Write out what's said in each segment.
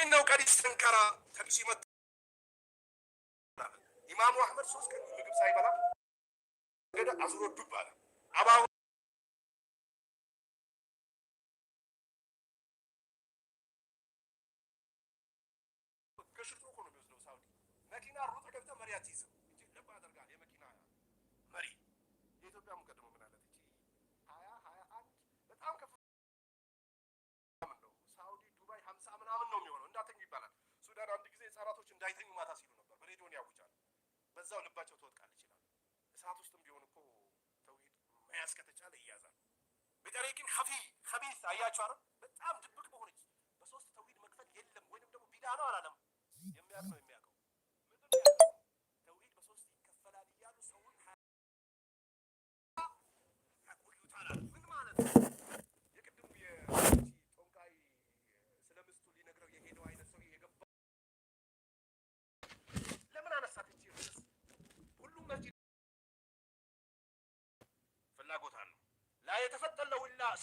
فإنه قد استنكر ከቢሲ መ ኢማሙ አህመድ ሶስት ቀን ምግብ ሳይበላ ገደ አዙሮ ዱብ አለ አባ ከሽጡ እኮ ነው የሚወስደው ሳውዲ መኪና ሩጥ ገብተህ መሪያ ትይዝ ሳይተኙ ማታ ሲሉ ነበር። በሬዲዮን ያውጃል። በዛው ልባቸው ትወጥቃል ይችላል። እሳት ውስጥም ቢሆን እኮ ተውሂድ መያዝ ከተቻለ ይያዛል። ግን ከፊ ከቢስ አያቸው አረ በጣም ድብቅ በሆነች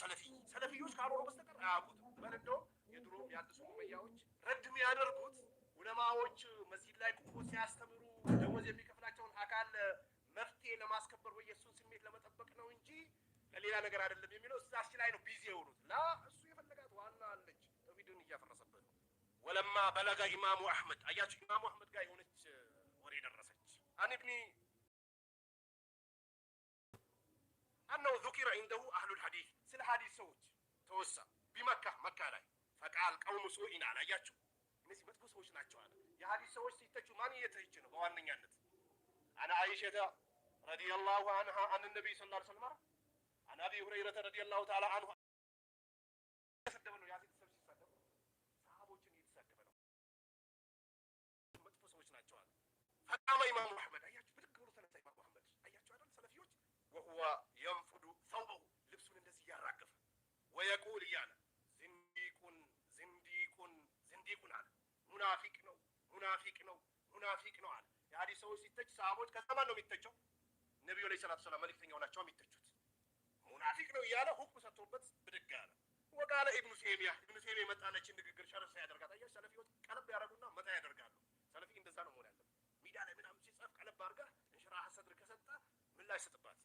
ሰለፊ ሰለፊዮች ካልሆኑ በስተቀር አያውቁትም። ምን እንደውም የድሮም ያድሱ ኡመያዎች ረድ የሚያደርጉት ዑለማዎች መስጊድ ላይ ቁሞ ሲያስተምሩ ደሞዝ የሚከፍላቸውን አካል መፍትሄ ለማስከበር ወይ የእሱን ስሜት ለመጠበቅ ነው እንጂ ለሌላ ነገር አይደለም የሚለው እዛች ላይ ነው ቢዚ የሆኑት። ላ እሱ የፈለጋት ዋና አለች። ተውሂድን እያፈረሰበት ነው። ወለማ በለጋ ኢማሙ አሕመድ አያችሁ፣ ኢማሙ አሕመድ ጋር የሆነች ወሬ ደረሰች አን ብኒ أنه ذكر عنده أهل الحديث سل حديث سوت توسا بمكة مكة لاي فقال قوم سوء على ياتو نسي متفو سوش ناتشو أنا يا حديث سوش تيتشو ماني يتهيشن بوان أنا عائشة رضي الله عنها عن النبي صلى الله عليه وسلم عن أبي هريرة رضي الله تعالى عنه ሰዎች ናቸዋል ፈቃማ ኢማም መሐመድ አያቸው ብድግ ብሎ ተነሳ ኢማም መሐመድ አያቸው አይደል ሰለፊዎች ወሁዋ ወየቁል እያለ ዝንዲቁን ዝንዲቁን ዝንዲቁን አለ። ሙናፊቅ ነው ሙናፊቅ ነው ሙናፊቅ ነው አለ። የሀዲስ ሰዎች ሲተች ሰሃቦች ከሰማ ነው የሚተቸው። ነቢዩ ዐለይሂ ሰላቱ ሰላም መልእክተኛው ናቸው የሚተቹት። ሙናፊቅ ነው እያለ ሁክም ሰጥቶበት ብድግ አለ። ወቃለ ኢብኑ ቴሚያ ኢብኑ ቴሚያ የመጣለችን ንግግር ሸረሳ ያደርጋት አያ ሰለፊዎች ቀለብ ያደረጉና መጣ ያደርጋሉ። ሰለፊ እንደዛ ነው መሆን ያለበት። ሚዲያ ላይ ምናምን ሲጻፍ ቀለብ አድርጋ እንሽራሐ ሰድር ከሰጠ ምላሽ ስጥባት።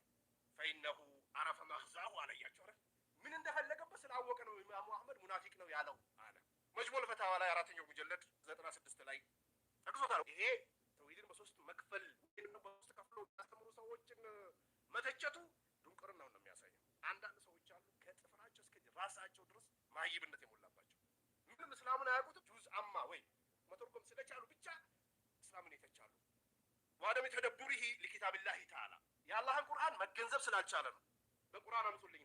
ፈኢነሁ አረፈ መግዛሁ አለያቸው አረ ምን እንደፈለገበት ስላወቀ ነው ኢማሙ አህመድ ሙናፊቅ ነው ያለው አለ። መጅሙል ፈታዋ ላይ አራተኛው ሙጀለድ ዘጠና ስድስት ላይ ጠቅሶታል። ይሄ ተውሂድን በሶስት መክፈል በሶስት ከፍሎ የሚያስተምሩ ሰዎችን መተቸቱ ድንቁርናውን ነው የሚያሳየው። አንዳንድ ሰዎች አሉ ከጥፍራቸው እስከ ራሳቸው ድረስ ማይብነት የሞላባቸው ምንም እስላሙን አያውቁትም። ጁዝ አማ ወይ መተርጎም ስለቻሉ ብቻ እስላምን የተቻሉ ዋደም ተደቡሪሂ ሊኪታብላሂ ተዓላ የአላህን ቁርአን መገንዘብ ስላልቻለ ነው። በቁርአን አምጡልኝ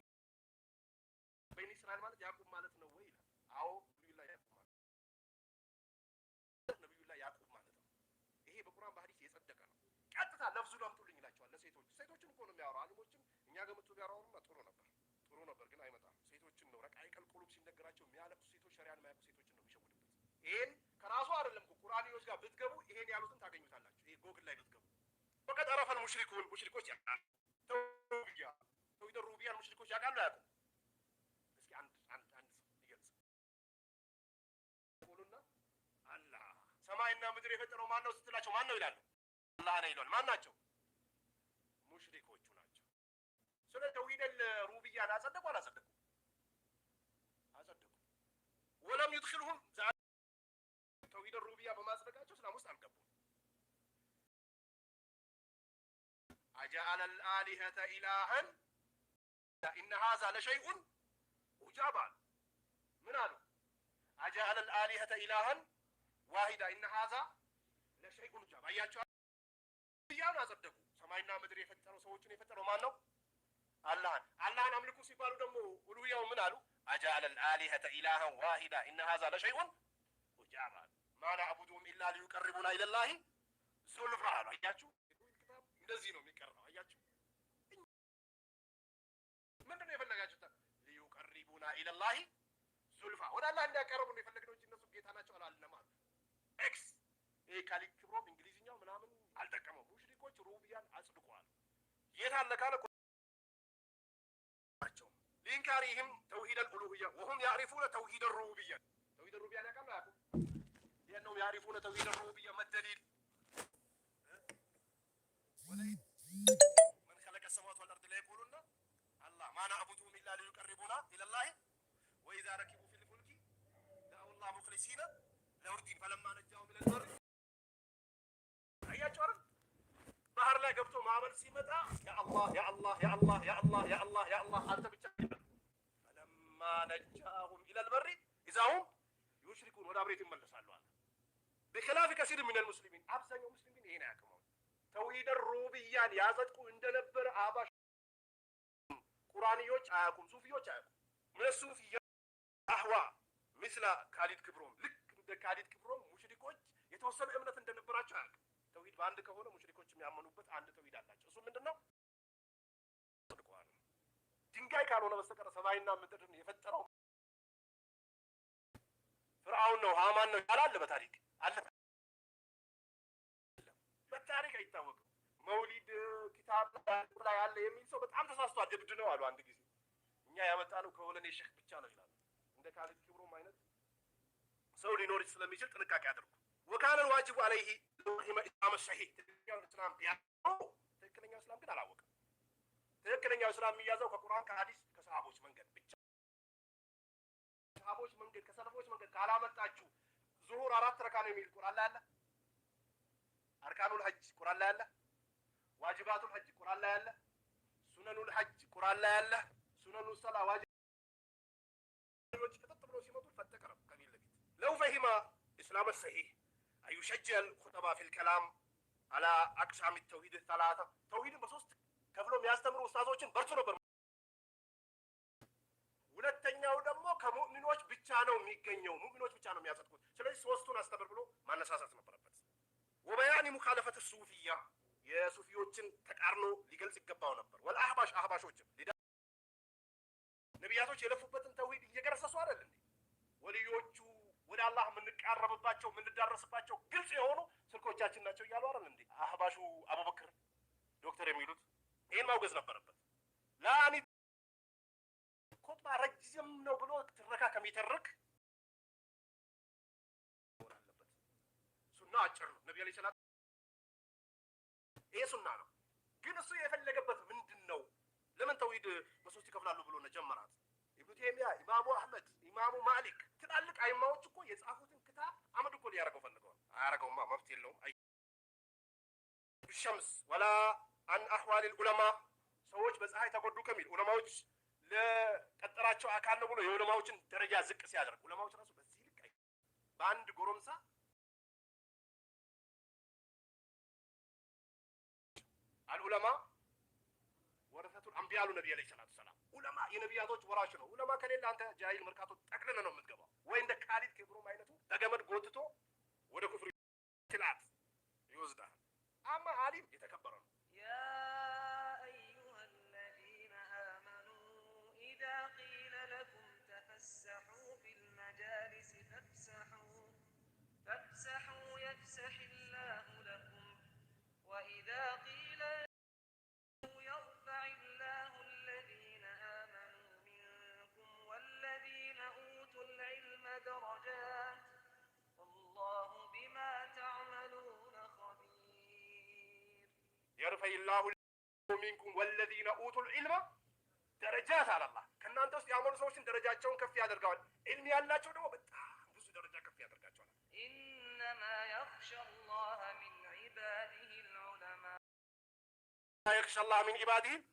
በእኔ እስራኤል ማለት ያዕቆብ ማለት ነው ወይ ይላል። አዎ ነቢዩላ ያዕቆብ ማለት ነቢዩላ ያዕቆብ ማለት ነው። ይሄ በቁርአን በሐዲስ የጸደቀ ነው። ቀጥታ ለብዙ አምጡልኝ ይላቸዋል ለሴቶች ሴቶችን እኮ ነው የሚያወራው። አሊሞችም እኛ ጋር መጥቶ ቢያወራውማ ጥሩ ነበር፣ ጥሩ ነበር ግን አይመጣም። ሴቶችን ነው ረቃይቀል ቁሉብ ሲነገራቸው የሚያለቅሱ ሴቶች፣ ሸሪያን የማያውቁ ሴቶችን ነው የሚሸውድበት። ይሄን ከራሱ አይደለም ቁርአንዮች ጋር ብትገቡ ይሄን ያሉትን ታገኙታላችሁ። ይሄ ጎግል ላይ ብትገቡ በቀጠረፈን ሙሽሪኩን ሙሽሪኮች ያውቃሉ ተውቢያ ሩቢያን ሙሽሪኮች ያውቃሉ አያውቁም ሰማይና ምድር የፈጠረው ማን ነው ስትላቸው ማን ነው ይላሉ? አላህ ነው ይሏል። ማን ናቸው? ሙሽሪኮቹ ናቸው። ስለ ተውሂደል ሩብያን አጸደቁ አላጸደቁ? አጸደቁ። ወለም ይድክልሁም ተውሂደል ሩብያ በማጽደቃቸው እስላም ውስጥ አልገቡም። አጃአለል አሊሀተ ኢላህን ኢነ ሀዛ ለሸይኡን ኡጃባ ምን አሉ? አጃአለል አሊሀተ ኢላህን ዋሂዳ እና ሀዛ ለሸይኡን ጃ ባያቸው እያሉ አጸደቁ። ሰማይና ምድር የፈጠረው ሰዎችን የፈጠረው ማን ነው? አላህን አላህን አምልኩ ሲባሉ ደግሞ ኡሉህያው ምን አሉ? አጃአለ አልአሊሀተ ኢላሀን ዋሂዳ ኢነ ሀዛ ለሸይኡን ኡጃባ ማ ናዕቡዱሁም ኢላ ሊዩቀርቡና ኢለላሂ ዙልፋ አሉ። አያችሁ፣ እንደዚህ ነው የሚቀረው። አያችሁ፣ ምንድን ነው የፈለጋችሁት? ሊዩቀርቡና ኢለላሂ ዙልፋ ወደ አላህ እንዲያቀርቡ ነው የፈለግነው እንጂ እነሱ ጌታ ናቸው አላልንም አሉ። ኤክስ ይሄ ካሊክ እንግሊዝኛው ምናምን አልጠቀመው። ሙሽሪኮች ሩቢያን አጽድቋል። የት አለ ካለ ናቸው ሊንካሪህም ተውሂድ ልኡሉህያ ወሁም ያሪፉነ ተውሂድ ሩቡብያ ተውሂድ ሩቡብያ ያቃሉ ያቁ ይህ ነው ያሪፉነ ተውሂድ ሩቡብያ መደሊል ምን ከለቀ ሰማት ወልአርድ ላይ ይቁሉና አላህ ማ ናዕቡዱሁም ኢላ ሊዩቀሪቡና ኢለላሂ ወኢዛ ረኪቡ ፊልፉልኪ ዳአው ላህ ባህር ላይ ገብቶ ማዕበል ሲመጣ ያአላህ ያአላህ ያአላህ ያአላህ ያአላህ ያአላህ አንተ ብቻ ፈለማ ነጃሁም በሪ ኢዛሁም ዩሽሪኩን ወደ አብሬት ይመለሳሉ አለ። ብክላፍ ከሲር ሚነል ሙስሊሚን አብዛኛው ሙስሊሚን ይሄን አያውቅም። ተውሂደ ሩብያን ያጸድቁ እንደነበረ አባሽ ቁራንዮች አያውቁም፣ ሱፊዮች አያውቁም። ምነ አህዋ ምስላ ካሊድ ክብሮም ልክ እንደ ካሊድ ክፍሮም ሙሽሪኮች የተወሰነ እምነት እንደነበራቸው አያውቅም። ተውሂድ በአንድ ከሆነ ሙሽሪኮች የሚያመኑበት አንድ ተውሂድ አላቸው። እሱ ምንድን ነው? ድንጋይ ካልሆነ በስተቀር ሰማይና ምድርን የፈጠረው ፍርአውን ነው ሀማን ነው ይባላል። በታሪክ አለ በታሪክ አይታወቅም። መውሊድ ኪታብ ላይ አለ የሚል ሰው በጣም ተሳስቷል። ድብድ ነው አሉ አንድ ጊዜ እኛ ያመጣነው ከሆለኔ ሸክ ብቻ ነው ይላሉ እንደ ካሊድ ክብሮ ሰው ሊኖር ስለሚችል ጥንቃቄ አድርጉ። ወካነል ዋጅቡ አለይህ መሰሄ ትክክለኛው እስላም ቢያው ትክክለኛው እስላም ግን አላወቅም። ትክክለኛው እስላም የሚያዘው ከቁርአን ከሀዲስ ከሰሃቦች መንገድ ብቻ ሰሃቦች መንገድ ከሰለፎች መንገድ ካላመጣችሁ ዙሁር አራት ረካ ነው የሚል ቁርአን ላይ አለ። አርካኑል ሐጅ ቁርአን ላይ አለ። ዋጅባቱል ሐጅ ቁርአን ላይ አለ። ሱነኑል ሐጅ ቁርአን ላይ አለ። ሱነኑ ሰላ ዋጅ ለው ፈሂማ ኢስላም ሰሂህ አዩሸጀል ኩተባ ፊል ከላም አላ አቅሳሚ ተውሂድ ሰላተ ተውሂድን በሶስት ከፍሎ የሚያስተምሩ ኡስታዞችን በርቱ ነበር። ሁለተኛው ደግሞ ከሙእሚኖች ብቻ ነው የሚገኘው፣ ሙእሚኖች ብቻ ነው የሚያጸድቁት። ስለዚህ ሶስቱን አስተምር ብሎ ማነሳሳት ነበረበት። ወበያኒ ሙካለፈት ሱፊያ የሱፊዎችን ተቃርኖ ሊገልጽ ይገባው ነበር። ወልአህባሽ አህባሾችም ነቢያቶች የለፉበትን ተውሂድ እየገረሰሱ አይደል እንዴ ወልዮቹ አላህ የምንቃረብባቸው የምንዳረስባቸው ግልጽ የሆኑ ስልኮቻችን ናቸው እያሉ አይደል እንዴ? አህባሹ አቡበክር ዶክተር የሚሉት ይህን ማውገዝ ነበረበት። ላኒት ኮባ ረጅም ነው ብሎ ትረካ ከሚተርክ አለበት። ሱና አጭር ነው። ነቢ ለ ይሄ ሱና ነው። ግን እሱ የፈለገበት ምንድን ነው? ለምን ተውሂድ በሶስት ይከፍላሉ ብሎ ነው ጀመራት? ቴሚያ፣ ኢማሙ አህመድ፣ ኢማሙ ማሊክ ትላልቅ አይማዎች እኮ የጻፉትን ክታብ አመድ እኮ ሊያደርገው ፈልገዋል። አያደርገውማ፣ መብት የለውም። ብሸምስ ወላ አን አህዋል ዑለማ ሰዎች በፀሐይ ተጎዱ ከሚል ዑለማዎች ለቀጠራቸው አካል ነው ብሎ የዑለማዎችን ደረጃ ዝቅ ሲያደርግ ዑለማዎች ራሱ በዚህ ልክ በአንድ ጎረምሳ አልዑለማ ወረሰቱል አንቢያ አሉ ነቢ ዐለይሂ ዑለማ የነቢያቶች ወራሽ ነው። ዑለማ ከሌለ አንተ ጃሂል መርቃቶ ጠቅልለ ነው የምትገባው፣ ወይ እንደ ካሊድ ኬብሮም አይነቱ በገመድ ጎትቶ ወደ ኩፍር ትላት ይወስዳል። አማ አሊም የተከበረ ነው። فافسحوا في المجالس فافسحوا فافسحوا يفسح يرفع الله منكم والذين أوتوا العلم درجات على الله كنان تست يعمل سوشن درجات شون كفي هذا القول علم الله شون دمو بتاع بس درجة كفي هذا القول إنما يخشى الله من عباده العلماء يخشى الله من عباده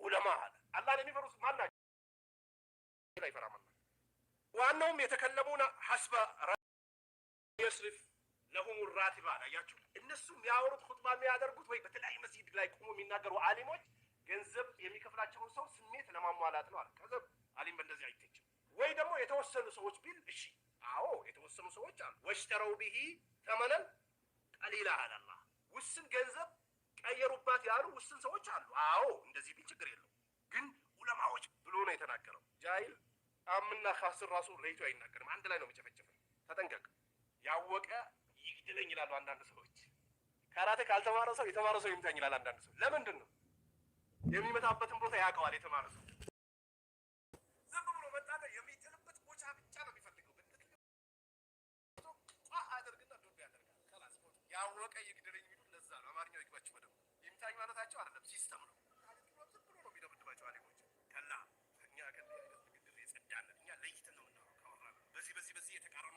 العلماء الله لم يفرس مالنا لا يفرع مالنا وأنهم يتكلمون حسب يصرف ለሁሙ ራቲባ አያችሁ። እነሱ የሚያወሩት ሁጥባ የሚያደርጉት ወይ በተለያዩ መስጊድ ላይ ቆሞ የሚናገሩ አሊሞች ገንዘብ የሚከፍላቸውን ሰው ስሜት ለማሟላት ነው አለ። ከዛ አሊም በእንደዚህ አይተችም ወይ ደግሞ የተወሰኑ ሰዎች ቢል እሺ፣ አዎ የተወሰኑ ሰዎች አሉ። ወሽተረው ብሂ ተመነን ቀሊላ አላላ ውስን ገንዘብ ቀየሩባት ያሉ ውስን ሰዎች አሉ። አዎ እንደዚህ ቢል ችግር የለው ግን ዑለማዎች ብሎ ነው የተናገረው። ጃይል አምና ካስር ራሱ ለይቶ አይናገርም። አንድ ላይ ነው የሚጨፈጨፈ። ተጠንቀቅ ያወቀ ይግደለኝ ይላሉ አንዳንድ ሰዎች። ካራቴ ካልተማረ ሰው የተማረ ሰው ይምታኝ ይላል አንዳንድ ሰው። ለምንድን ነው የሚመጣበትን ቦታ ያውቀዋል የተማረ ሰው። ዝም ብሎ መጣለ ብቻ ነው የሚፈልገው። አድርግና ዶብ ያደርጋል። ያወቀ ይግደለኝ የሚሉት ለዛ ነው። አማርኛው ይግባችሁ በደምብ። ይምታኝ ማለታቸው አይደለም ሲስተም ነው። ዝም ብሎ ነው አሊሞች ከላ እኛ ግድር እኛ ነው በዚህ በዚህ በዚህ የተቃረኑ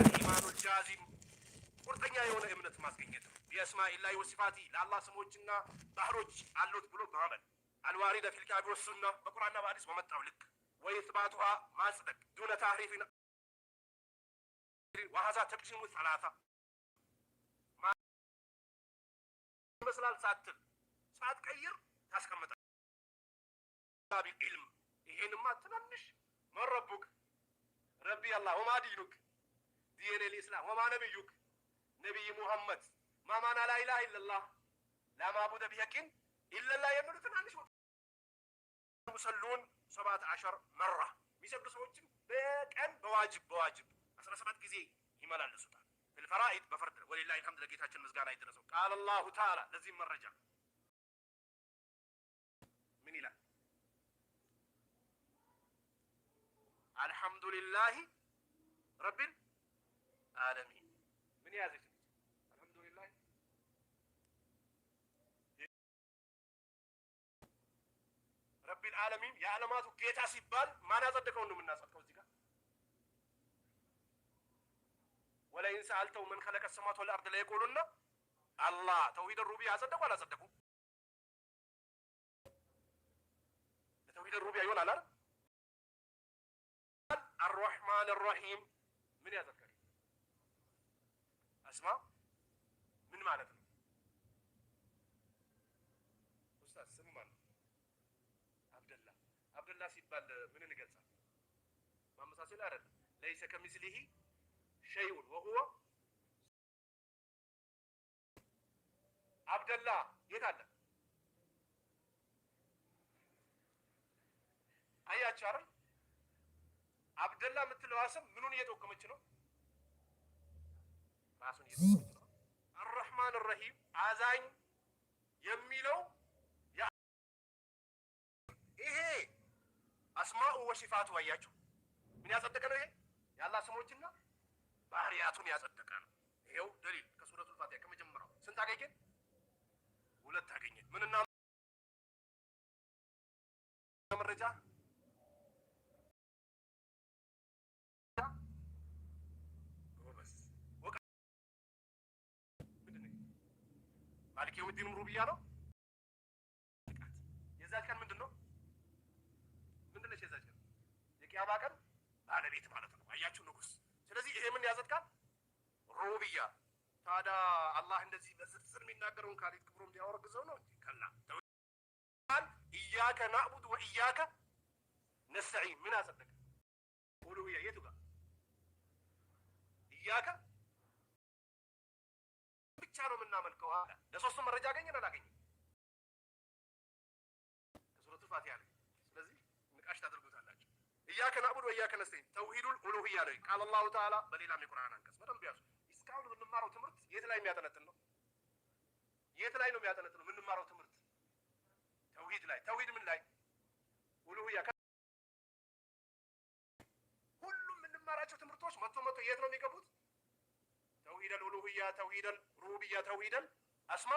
አልኢማኑል ጃዚም ቁርጠኛ የሆነ እምነት ማስገኘት ነው። ቢአስማኢላሂ ወሲፋቲ ለአላህ ስሞችና ባህሮች አሉት ብሎ ማመን አልዋሪደ ፊል ኪታቢ ወሱና በቁርአንና በሐዲስ በመጣው ልክ ወኢስባቱሃ ማጽደቅ ዱነ ታህሪፊን ወሀዛ ተቅሲሙ ሰላሳ ይመስላል ሳትል ሳትቀይር ታስቀምጣል። ቢልም ይሄንማ ትናንሽ መረቡክ ረቢ አላህ ወማ ዲነል ኢስላም ወማ ነቢዩክ ነቢይ ሙሐመድ ማማና ላይላ ኢለላህ ላማቡደ ቢሐቂን ኢለላህ የሚሉ ትናንሽ ሙሰሉን ሰባት አሸር መራ የሚሰግዱ ሰዎችን በቀን በዋጅብ በዋጅብ አስራ ሰባት ጊዜ ይመላለሱታል። ፊልፈራኢድ በፈርድ ወሌላ ሐምድ ለጌታችን ምስጋና ይደረሰው። ቃል አላሁ ተዓላ ለዚህም መረጃ ምን ይላል? አልሐምዱሊላህ ረቢል العالمين من يازك الحمد يا علماتو جيتا سيبال ما نازدكو من نازدكو ازيكا ولئن سألتو من خلق السماوات والأرض لا الله توحيد روبي أصدق ولا أصدق توحيد الروبية يقول على الرحمن الرحيم من يذكر አስማ ምን ማለት ነው? ኡስታዝ ስሙ ማለት ነው። አብደላ አብደላ ሲባል ምንን ይገልጻል? ማመሳሰል አይደለም። ለይሰ ከሚስሊሂ ሸይኡን ወሁወ አብደላ የት አለ? አያችሁ አይደል? አብደላ የምትለዋ ስም ምኑን እየጠቆመች ነው? ራሱን አረሕማን ረሂም አዛኝ የሚለው ይሄ አስማኡ ወሲፋቱ አያችሁ፣ ምን ያጸደቀ ነው? ይሄ ያላ ስሞችና ባህሪያቱን ያጸደቀ ነው። ይሄው ደሊል ከሱረቱ ፋቲሃ ከመጀመሪያው ስንት አገኘን? ሁለት አገኘን። ምንና መረጃ ትውልድ ይኑሩ ብያለሁ። የዛ ቀን ምንድን ነው? ምንድን ነች የዛ ቀን? የቅያማ ቀን ባለቤት ማለት ነው። አያችሁ ንጉስ። ስለዚህ ይሄ ምን ያዘጥቃል? ሩብያ። ታዲያ አላህ እንደዚህ በዝርዝር የሚናገረውን ካሊድ ክብሮ እንዲያወረግዘው ነው እንጂ ከላ ኢያከ ናዕቡድ ወኢያከ ነስተዒን ምን አጸደቀ? ኡሉውያ የቱ ጋር ኢያከ ብቻ ነው የምናመልከው አለ። ለሶስቱም መረጃ አገኘን አላገኘም? ከሱረቱል ፋቲሃ ላይ። ስለዚህ ንቃሽ ታደርጉታላችሁ። እያከ ናቡድ ወእያከ ነስተዒን ተውሂዱል ኡሉሂያ ላይ ቃል አላሁ ተዓላ በሌላም የቁርአን አንቀጽ በደንብ ያዙ። እስካሁን የምንማረው ትምህርት የት ላይ የሚያጠነጥን ነው? የት ላይ ነው የሚያጠነጥን ነው የምንማረው ትምህርት? ተውሂድ ላይ። ተውሂድ ምን ላይ? ኡሉሂያ ሁሉም የምንማራቸው ትምህርቶች መቶ መቶ የት ነው የሚገቡት? ተውሂደል ኡሉሂያ፣ ተውሂደል ሩቡቢያ፣ ተውሂደል አስማ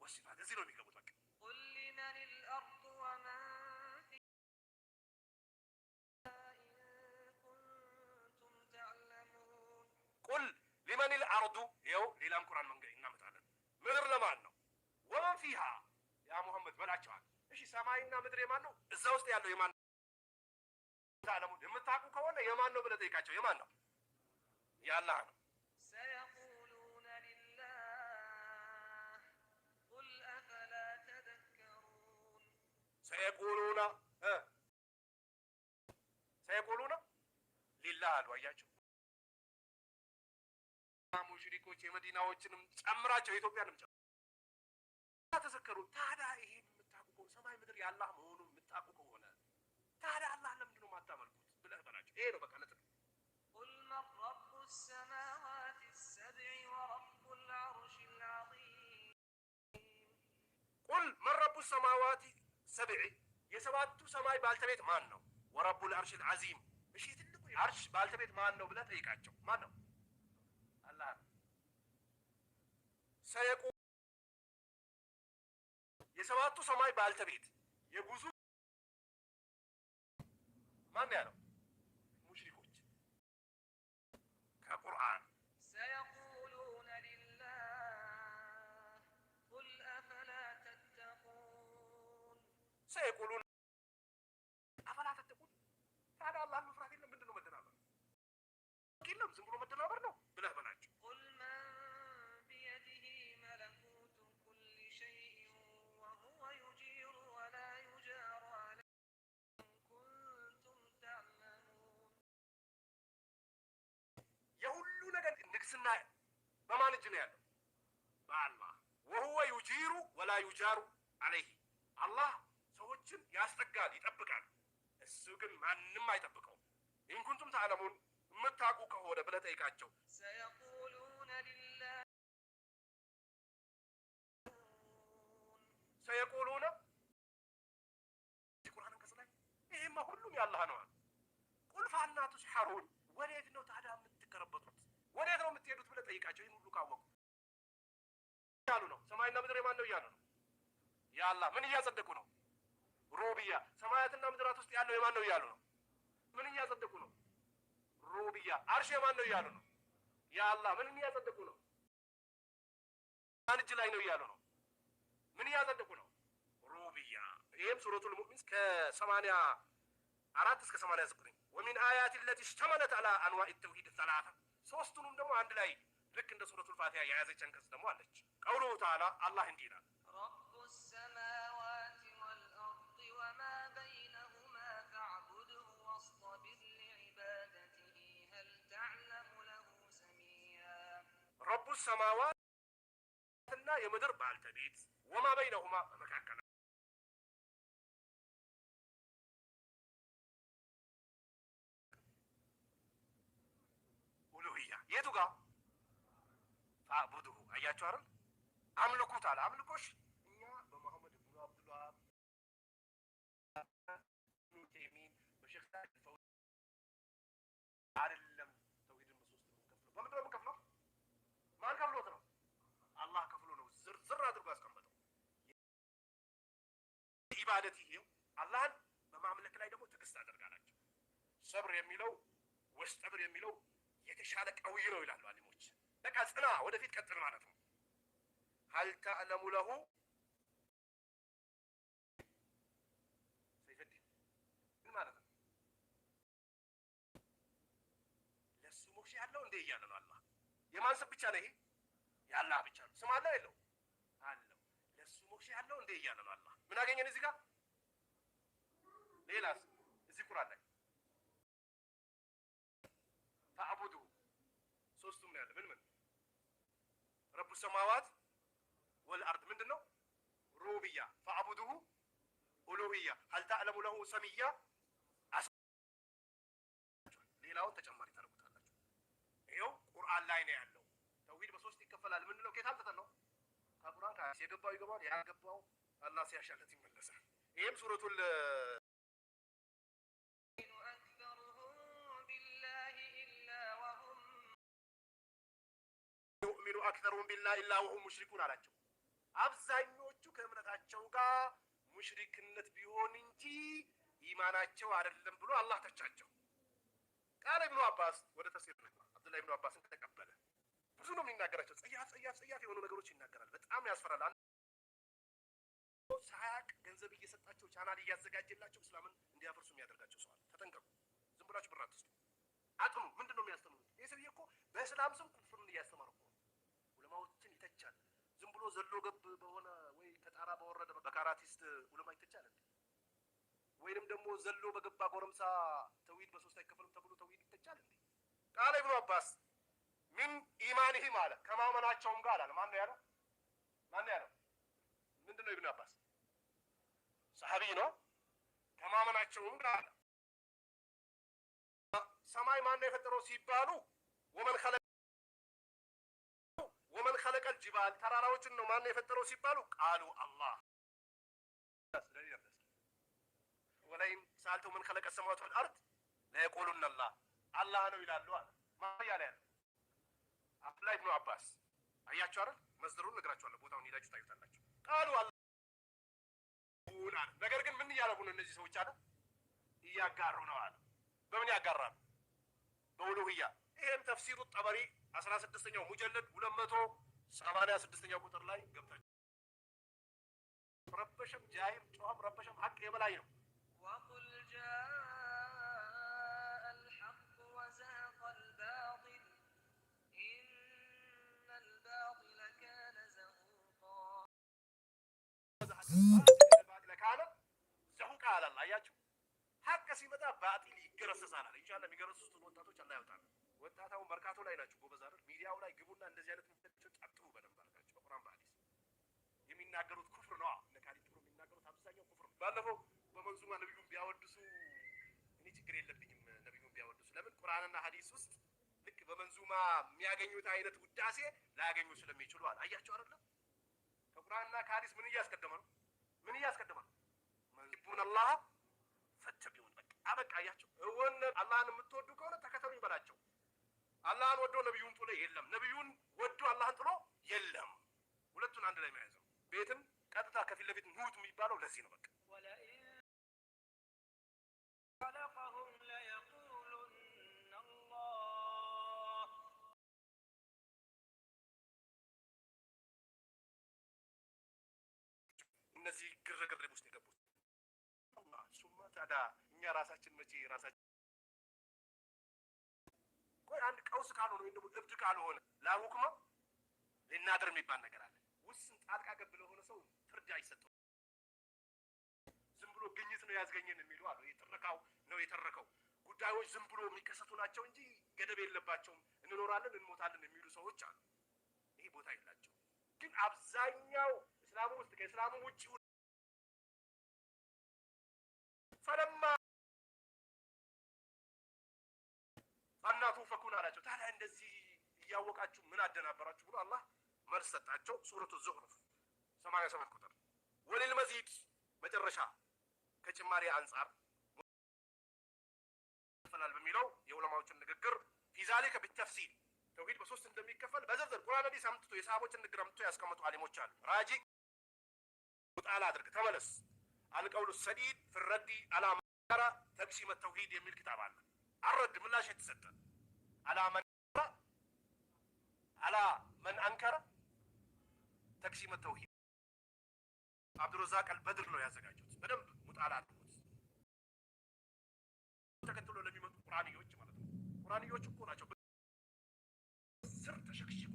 ወሲፋት እዚህ ነው የሚገቡት። በቃ ቁል ሊመኒል አርዱ ይኸው ሌላም ቁርአን መንገድ እናመጣለን። ምድር ለማን ነው? ወመን ፊሃ ያ ሙሐመድ በላቸዋል። እሺ ሰማይና ምድር የማን ነው? እዛ ውስጥ ያለው የማን ነው? የምታውቁ ከሆነ የማን ነው ብለህ ጠይቃቸው። የማን ነው? የአላህ ነው። سيقولون ها سيقولون لله الو اياچو مشركوچ مديناوچنم چمراچو ايتوبيانم چمرا تذكروا تادا ايه متاقو سماي مدر يا الله مهونو متاقو كونا تادا الله لمندو ما تاملكوت بلاه بناچو ايه نو بقى نتر قل من رب السماوات السبع ورب العرش العظيم قل من رب السماوات ሰብዒ የሰባቱ ሰማይ ባልተቤት ማን ነው? ወረቡል አርሽል ዓዚም። እሺ ትልቁ አርሽ ባልተቤት ማን ነው ብለህ ጠይቃቸው። ማን ነው? አላህ ሰየቁ የሰባቱ ሰማይ ባልተቤት የብዙ ማን ያለው سيقولون أفلا تتقون هذا الله المفرد إلا من دونه مدنا بر كلا قل ما بيده ملكوت كل شيء وهو يجير ولا يجار የሁሉ ነገር ንግስና በማን እጅ ነው ያለው በአላህ ወሁወ ዩጂሩ ወላ ዩጃሩ አለይህ አላህ ሰዎችን ያስጠጋል፣ ይጠብቃል። እሱ ግን ማንም አይጠብቀውም። ኢንኩንቱም ተዓለሙን የምታውቁ ከሆነ ብለህ ጠይቃቸው። ሰየቁሉነ ቁርአን አንቀጽ ላይ ይህማ ሁሉም ያላህ ነዋል። ቁልፋና ትስሐሩን ወዴት ነው ታዲያ የምትከረበቱት? ወዴት ነው የምትሄዱት ብለህ ጠይቃቸው። ይህን ሁሉ ካወቁ ያሉ ነው። ሰማይና ምድር የማን ነው እያሉ ነው። ያአላህ ምን እያጸደቁ ነው? ሮብያ ሰማያትና ምድራት ውስጥ ያለው የማን ነው እያሉ ነው። ምን እያጸደቁ ነው? ሩቢያ አርሽ የማን ነው እያሉ ነው። የአላህ ምን እያጸደቁ ነው? ማን እጅ ላይ ነው እያሉ ነው። ምን እያጸደቁ ነው? ሩቢያ ይህም ሱረቱል ሙእሚን ከሰማንያ አራት እስከ ሰማንያ ዘጠኝ ወሚን አያት ለቲ ሽተመለት አላ አንዋኢ ተውሂድ ሰላታ ሶስቱንም ደግሞ አንድ ላይ ልክ እንደ ሱረቱል ፋቲሃ የያዘች አንቀጽ ደግሞ አለች። ቀውሉ ተዓላ አላህ እንዲህ ይላል ሰማዋትና የምድር ባልተቤት ወማ በይነሁማ መካከል ኡሉሂያ የቱ ጋ አቡዱሁ አያችሁ አይደል? አምልኩት አምልኮሽ ማለት ይሄው አላህን በማምለክ ላይ ደግሞ ትዕግስት አደርጋላቸው። ሰብር የሚለው ወስተብር የሚለው የተሻለ ቀውይ ነው ይላሉ አሊሞች። በቃ ጽና፣ ወደፊት ቀጥል ማለት ነው። ሀል ተዕለሙ ለሁ ማለት ሞክሽ ያለው እንዴ እያለ ነው አላህ። የማን ስም ብቻ ነው ይሄ? ያላህ ብቻ ነው። ስም አለው የለው? አለው። ለሱ ሞክሽ ያለው እንዴ እያለ ነው አላህ ምን አገኘን እዚህ ጋር? ሌላስ እዚህ ቁርአን ላይ ተዕቡዱ ሶስቱም ነው ያለ። ምን ምን ረቡ ሰማዋት ወልአርድ ምንድን ነው? ሩብያ ፈአቡዱሁ ኡሉህያ ሀል ተዕለሙ ለሁ ሰሚያ ሌላውን ተጨማሪ ታደርጉታላችሁ። ይኸው ቁርአን ላይ ነው ያለው። ተውሂድ በሶስት ይከፈላል። ምንድን ነው? ኬት አምጥተን ነው ከቁርአን ከሀዲስ የገባው ይገባዋል ያገባው አላህ ሲያሻለት ይመለሳል። ይህም ሱረቱል ዩእሚኑ አክተሩም ቢላህ ኢላ ወሁም ሙሽሪኩን አላቸው። አብዛኞቹ ከእምነታቸው ጋር ሙሽሪክነት ቢሆን እንጂ ኢማናቸው አይደለም ብሎ አላህ ተቻቸው። ቃለ ኢብኑ አባስ ወደ ተፍሲር አብዱላህ ኢብኑ አባስን ተቀበለ። ብዙ ነው የሚናገራቸው። ጽያፍ ጽያፍ ጽያፍ የሆኑ ነገሮች ይናገራል። በጣም ያስፈራል። ሳያቅ ገንዘብ እየሰጣቸው ቻናል እያዘጋጀላቸው እስላምን እንዲያፈርሱ የሚያደርጋቸው ሰዋል። ተጠንቀቁ። ዝም ብላችሁ ብር አትስጡ፣ አጥኑ። ምንድን ነው የሚያስተምሩት? ይህ ሰውዬ እኮ በእስላም ስም ኩፍርን እያስተማር እኮ ዑለማዎችን ይተቻል። ዝም ብሎ ዘሎ ገብ በሆነ ወይ ከጣራ በወረደ በካራቲስት ዑለማ ይተቻል እንዴ? ወይንም ደግሞ ዘሎ በገባ ጎረምሳ ተውሂድ በሶስት አይከፈልም ተብሎ ተውሂድ ይተቻል እንዴ? ቃል ብኑ አባስ ምን ኢማንህም አለ ከማመናቸውም ጋር አለ። ማን ነው ያለው? ማን ነው ያለው? ምንድን ነው ኢብኑ አባስ ሰሐቢ ነው። ከማመናቸውም ጋር ሰማይ ማን ነው የፈጠረው ሲባሉ ወመን ኸለቀ ወመን ኸለቀል ጅባል ተራራዎችን ነው ማን ነው የፈጠረው ሲባሉ ቃሉ አላህ ወላይም ሳልተው መን ኸለቀ ሰማዋት ወል አርድ ለየቆሉን አላህ አላህ ነው ይላሉ አለ። ማን ያለ ያለ አብዱላህ ኢብኑ አባስ አያችሁ አይደል? መስደሩን ነግራችኋለሁ ቦታውን ሄዳችሁ ታዩታላችሁ። ቃሉ አለ። ነገር ግን ምን እያደረጉ ነው እነዚህ ሰዎች አለ? እያጋሩ ነው አለ። በምን ያጋራሉ? በኡሉሂያ። ይህም ተፍሲሩ ጠበሪ አስራ ስድስተኛው ሙጀለድ ሁለት መቶ ሰማንያ ስድስተኛው ቁጥር ላይ ገብታችሁ ረበሸም ጃይም ጨዋም ረበሸም ሀቅ የበላይ ነው። ካለ ዘሁ ሀቅ ሲመጣ ባጢል ይገረሰሳል። ኢንሻአላህ ወጣቶች አላህ ያውጣል። ላይ ናችሁ ጎበዝ አይደል? ሚዲያው የሚናገሩት ክፍር ነው። እነ ካሊድ ብሎ የሚናገሩት አብዛኛው ኩፍር ነው። ባለፈው በመንዙማ ነቢዩን ቢያወድሱ እኔ ችግር የለብኝም። ነቢዩን ቢያወድሱ ለምን ቁርአንና ሀዲስ ውስጥ ልክ በመንዙማ የሚያገኙት አይነት ውዳሴ ላያገኙ ስለሚችሉ አላያቸው አይደለም። ከቁርአንና ከሐዲስ ምን እያስቀደመ ነው? ምን እያስቀድማል? መቡን አላህ ፈተቢውን በቃ አያቸው እወነ አላህን የምትወዱ ከሆነ ተከተሉኝ በላቸው። አላህን ወዶ ነቢዩን ጥሎ የለም። ነቢዩን ወዶ አላህን ጥሎ የለም። ሁለቱን አንድ ላይ መያዝ ነው። ቤትን ቀጥታ ከፊት ለፊት ሙት የሚባለው ለዚህ ነው። በቃ ታዲያ እኛ ራሳችን መቼ ራሳችን ቆይ አንድ ቀውስ ካልሆነ ወይም ደግሞ እብድ ካልሆነ ላሁክማ ሊናደር የሚባል ነገር አለ። ውስን ጣልቃ ገብ ለሆነ ሰው ፍርድ አይሰጠው። ዝም ብሎ ግኝት ነው ያዝገኘን የሚሉ አሉ። የተረካው ነው የተረከው። ጉዳዮች ዝም ብሎ የሚከሰቱ ናቸው እንጂ ገደብ የለባቸውም። እንኖራለን እንሞታለን የሚሉ ሰዎች አሉ። ይሄ ቦታ የላቸው። ግን አብዛኛው እስላሙ ውስጥ ከእስላሙ ውጭ ፈለማ አናቱ ፈኩን አላቸው። ታዲያ እንደዚህ እያወቃችሁ ምን አደናበራችሁ ብሎ አላህ መልስ ሰጣቸው። ሱረቱ ዙኽሩፍ ሰማንያ ሰባት ቁጥር ወሊል መዚድ መጨረሻ ከጭማሪ አንጻር ይከፈላል በሚለው የዑለማዎችን ንግግር ፊዛሊከ ቢተፍሲል ተውሂድ በሶስት እንደሚከፈል በዝርዝር ቁርአን አዲስ አምጥቶ የሰሃቦችን ንግግር አምጥቶ ያስቀመጡ አሊሞች አሉ። ራጂ ጣላ አድርግ ተመለስ አልቀውሉ ሰዲድ ፍረዲ አላመንጋራ ተቅሲመ ተውሂድ የሚል ክታብ አለ። አረድ ምላሽ የተሰጠ አላ መን አንከረ ተቅሲመ ተውሂድ አብዱረዛቅ አልበድር ነው ያዘጋጁት። በደንብ ሙጣላ አድርጉት። ተከትሎ ለሚመጡ ቁርአንዮች ማለት ነው። ቁርአንዮች እኮ ናቸው ስር ተሸክሽጎ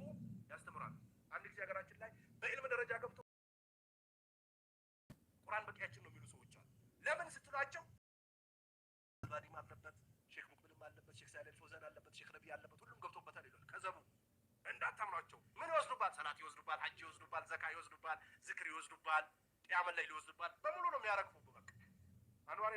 ያስተምራሉ። አንድ ጊዜ ሀገራችን ላይ በዕልም ደረጃ ገብቶ ናቸው። ባዲም አለበት፣ ሼክ ሙቅብልም አለበት፣ ሼክ ሳሌል ፎዘን አለበት፣ ሼክ ረቢ አለበት። ሁሉም ገብቶበታል ይሏል። ከዘቡ እንዳታምኗቸው። ምን ይወስዱባል? ሰላት ይወስዱባል፣ ሀጅ ይወስዱባል፣ ዘካ ይወስዱባል፣ ዝክር ይወስዱባል፣ ቅያመ ላይ ይወስዱባል። በሙሉ ነው የሚያረግፉ። በቃ አንዋሪ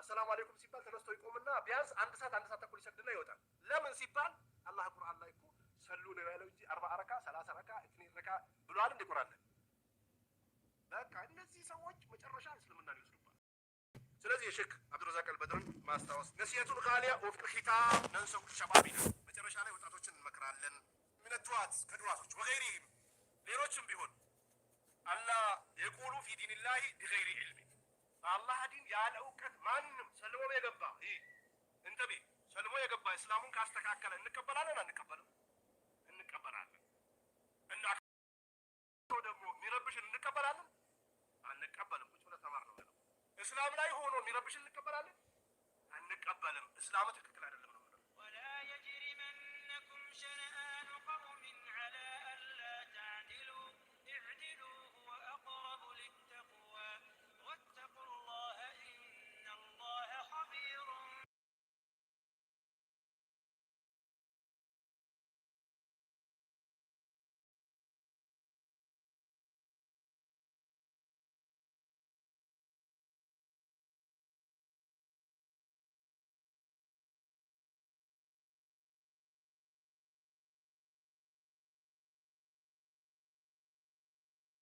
አሰላሙ አሌይኩም ሲባል ተነስቶ ይቆምና ቢያንስ አንድ ሰዓት አንድ ሰዓት ተኩል ይሰግድና ይወጣል። ለምን ሲባል አላህ ቁርአን ላይ እኮ ሰሉ ነው ያለው እንጂ አርባ ረካ ሰላሳ ረካ እትኔ ረካ ብሏል። እንዲቆራለን በቃ እነዚህ ሰዎች መጨረሻ እስልምና ስለዚህ የሼክ አብዱረዛቅ አልበድርን ማስታወስ ነሲየቱል ቃሊያ ወፊል ኺታም ነንሰሁ ሸባቢ ነው። መጨረሻ ላይ ወጣቶችን እንመክራለን። ሚነድዋት ከድዋቶች ወገይሪህም ሌሎችም ቢሆን አላ የቁሉ ፊ ዲንላሂ ቢገይሪ ዕልሚ በአላህ ዲን ያለ እውቀት ማንም ሰልሞ የገባ እንተቤ ሰልሞ የገባ እስላሙን ካስተካከለ እንቀበላለን አንቀበልም? እንቀበላለን። እና ደግሞ የሚረብሽን እንቀበላለን አንቀበልም? እስላም ላይ ሆኖ የሚረብሽ እንቀበላለን? አንቀበልም። እስላም ትክክል